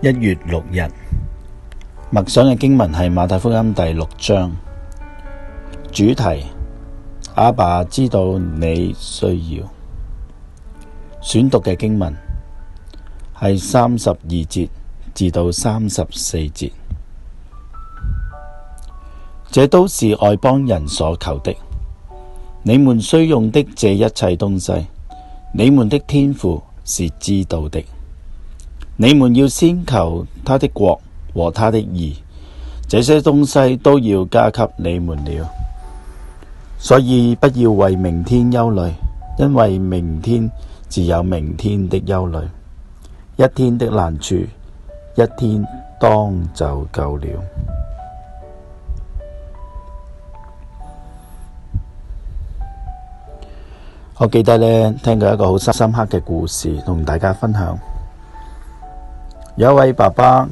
一月六日默想嘅經文係馬太福音第六章，主題阿爸知道你需要。選讀嘅經文係三十二節至到三十四節，這都是外邦人所求的。你們需用的這一切東西，你們的天父是知道的。你們要先求他的國和他的義，這些東西都要加給你們了。所以不要為明天憂慮，因為明天自有明天的憂慮。一天的難處，一天當就夠了。我記得呢，聽過一個好深刻嘅故事，同大家分享。有一位爸爸，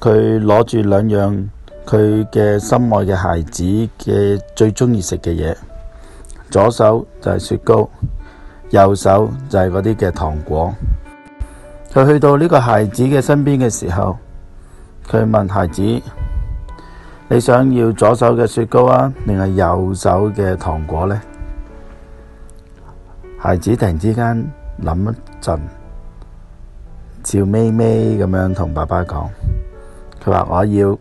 佢攞住兩樣佢嘅心愛嘅孩子嘅最中意食嘅嘢，左手就係雪糕，右手就係嗰啲嘅糖果。佢去到呢個孩子嘅身邊嘅時候，佢問孩子：「你想要左手嘅雪糕啊，定係右手嘅糖果呢？」孩子突然之間諗一陣，笑眯眯咁樣同爸爸講。佢話我要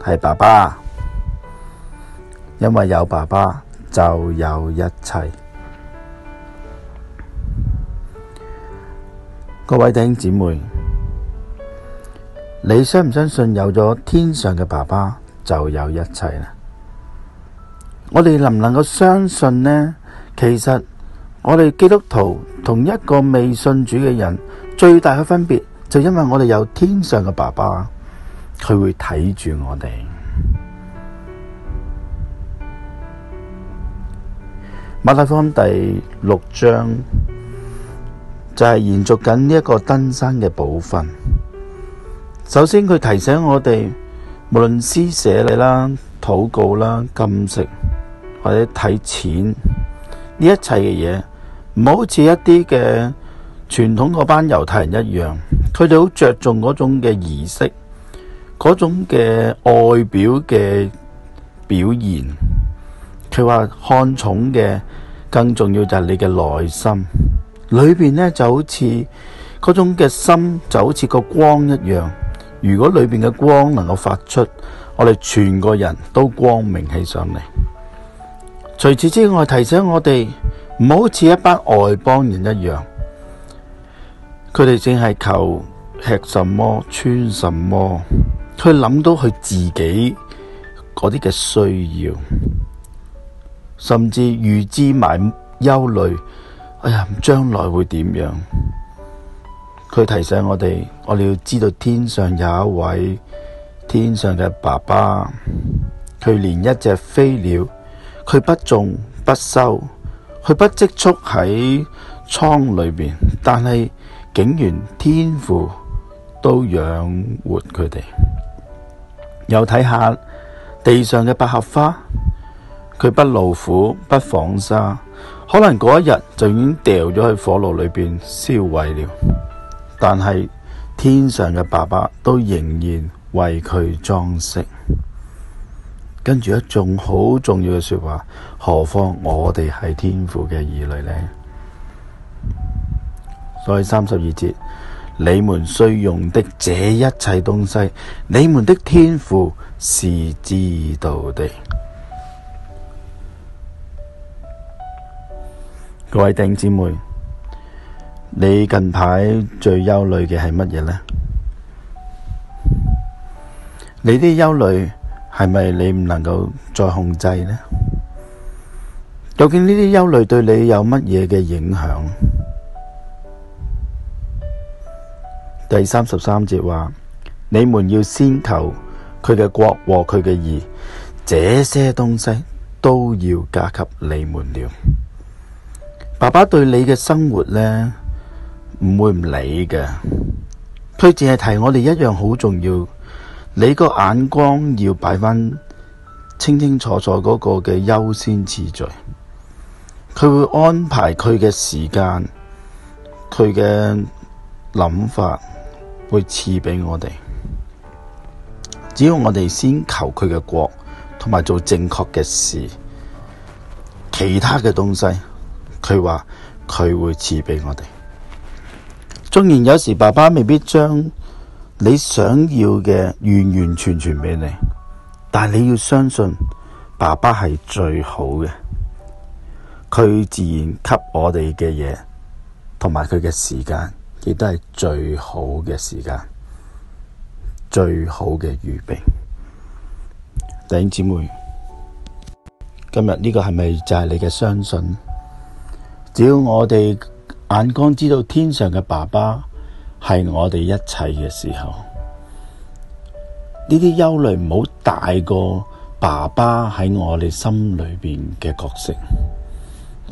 係爸爸，因為有爸爸就有一切。各位弟兄姊妹，你相唔相信有咗天上嘅爸爸就有一切呢？我哋能唔能夠相信呢？其實。我哋基督徒同一個未信主嘅人最大嘅分別，就因為我哋有天上嘅爸爸，佢會睇住我哋。馬太福音第六章就係、是、延續緊呢一個登山嘅部分。首先佢提醒我哋，無論施捨你啦、禱告啦、禁食或者睇錢呢一切嘅嘢。唔好似一啲嘅傳統嗰班猶太人一樣，佢哋好着重嗰種嘅儀式，嗰種嘅外表嘅表現。佢話看重嘅更重要就係你嘅內心裏邊咧，就好似嗰種嘅心就好似個光一樣。如果裏邊嘅光能夠發出，我哋全個人都光明起上嚟。除此之外，提醒我哋，唔好似一班外邦人一樣，佢哋淨係求吃什麼穿什麼，佢諗到佢自己嗰啲嘅需要，甚至預知埋憂慮。哎呀，將來會點樣？佢提醒我哋，我哋要知道天上有一位天上嘅爸爸，佢連一隻飛鳥，佢不種不收。佢不積蓄喺倉裏邊，但係竟然天父都養活佢哋。又睇下地上嘅百合花，佢不勞苦、不紡紗，可能嗰一日就已經掉咗喺火爐裏邊燒毀了。但係天上嘅爸爸都仍然為佢裝飾。跟住一種好重要嘅說話，何況我哋係天父嘅兒女呢。所以三十二節，你們需用的這一切東西，你們的天父是知道的。各位頂姊妹，你近排最憂慮嘅係乜嘢呢？你啲憂慮？係咪你唔能夠再控制呢？究竟呢啲憂慮對你有乜嘢嘅影響？第三十三節話：你們要先求佢嘅國和佢嘅義，這些東西都要加給你們了。爸爸對你嘅生活呢，唔會唔理嘅。佢淨係提我哋一樣好重要。你個眼光要擺翻清清楚楚嗰個嘅優先次序，佢會安排佢嘅時間，佢嘅諗法會賜俾我哋。只要我哋先求佢嘅國，同埋做正確嘅事，其他嘅東西，佢話佢會賜俾我哋。縱然有時爸爸未必將。你想要嘅完完全全畀你，但係你要相信爸爸係最好嘅，佢自然給我哋嘅嘢，同埋佢嘅時間亦都係最好嘅時間，最好嘅預備。弟兄姊妹，今日呢個係咪就係你嘅相信？只要我哋眼光知道天上嘅爸爸。.係我哋一切嘅時候，呢啲憂慮唔好大過爸爸喺我哋心裏面嘅角色。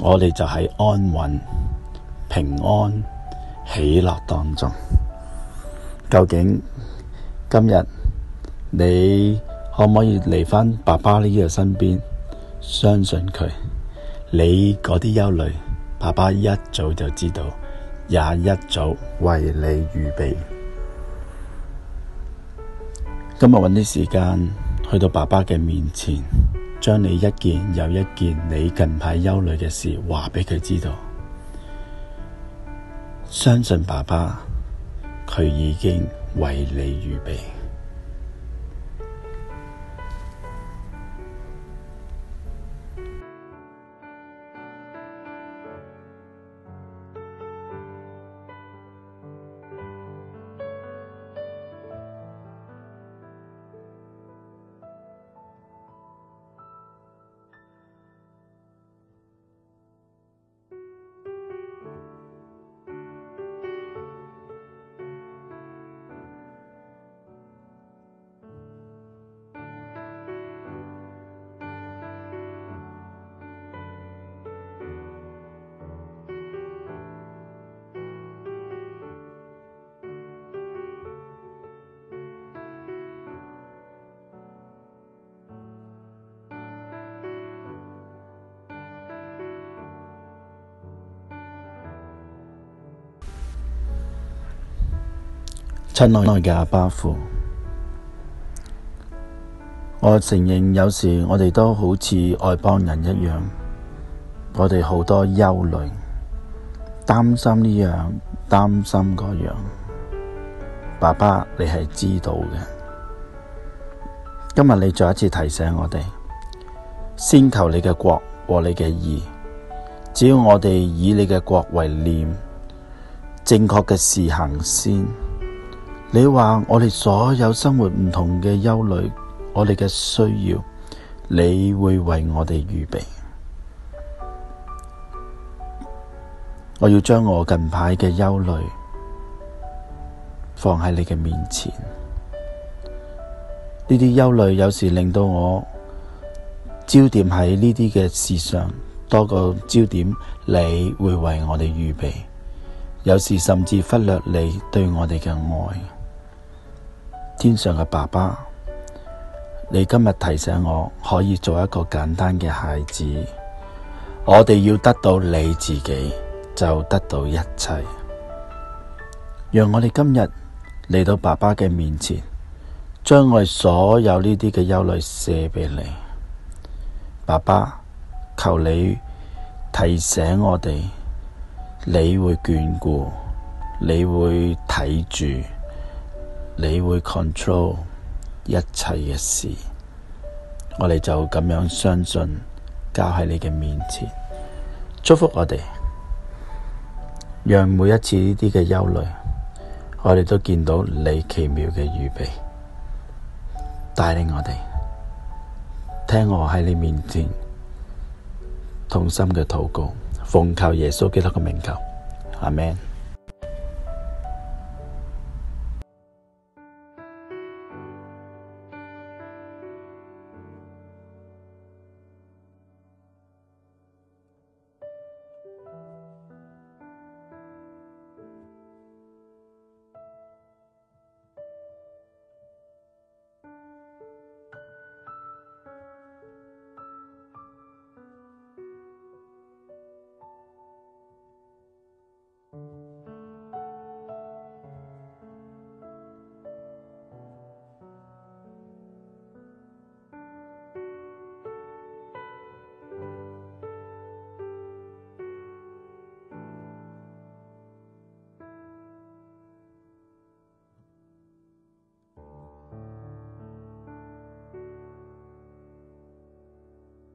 我哋就喺安穩、平安、喜樂當中。究竟今日你可唔可以嚟返爸爸呢個身邊？相信佢，你嗰啲憂慮，爸爸一早就知道。也一早為你預備。今日揾啲時間去到爸爸嘅面前，將你一件又一件你近排憂慮嘅事話俾佢知道。相信爸爸，佢已經為你預備。親愛嘅阿巴父，我承認有時我哋都好似外邦人一樣，我哋好多憂慮，擔心呢樣，擔心嗰樣。爸爸，你係知道嘅。今日你再一次提醒我哋，先求你嘅國和你嘅義。只要我哋以你嘅國為念，正確嘅事行先。你話我哋所有生活唔同嘅憂慮，我哋嘅需要，你會為我哋預備。我要將我近排嘅憂慮放喺你嘅面前。呢啲憂慮有時令到我焦點喺呢啲嘅事上多過焦點，你會為我哋預備。有時甚至忽略你對我哋嘅愛。天上嘅爸爸，你今日提醒我可以做一個簡單嘅孩子，我哋要得到你自己就得到一切。讓我哋今日嚟到爸爸嘅面前，將我所有呢啲嘅憂慮卸俾你，爸爸，求你提醒我哋，你會眷顧，你會睇住。你會 control 一切嘅事，我哋就咁樣相信，交喺你嘅面前，祝福我哋，讓每一次呢啲嘅憂慮，我哋都見到你奇妙嘅預備，帶領我哋，聽我喺你面前痛心嘅禱告，奉靠耶穌基督嘅名求，阿 Man。